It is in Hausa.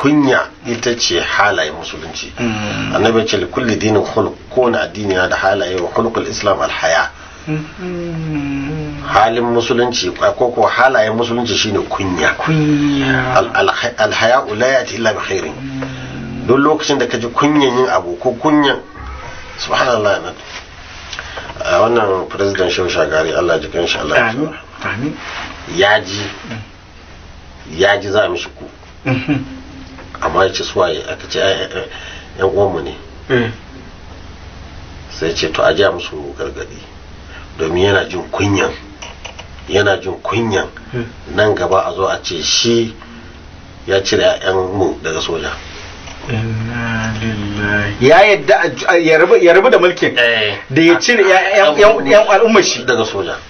kunya ita ce halaye musulunci mm. annabi ce kulli dinin ko na addini na da halaye wa hulukul islam alhaya mm-hmm. halin musulunci ko ko halaye musulunci shine kunya alhaya la yati illa bi khairin mm. duk lokacin da kaji kunyan yin abu ko kunyan subhanallah na ah, wannan president shehu shagari Allah ji kan Allah ya ji ya ji za mu ku mm-hmm. amma ya ce suwaye aka ce eh, eh, yan uwanmu ne hmm. sai ce to a ja musu gargadi domin yana jin kunyan yana jin kunyan hmm. nan gaba a zo a ce shi ya cire mu daga soja ya yadda ya rabu da mulkin eh. da ya cire 'yan al'ummar shi daga soja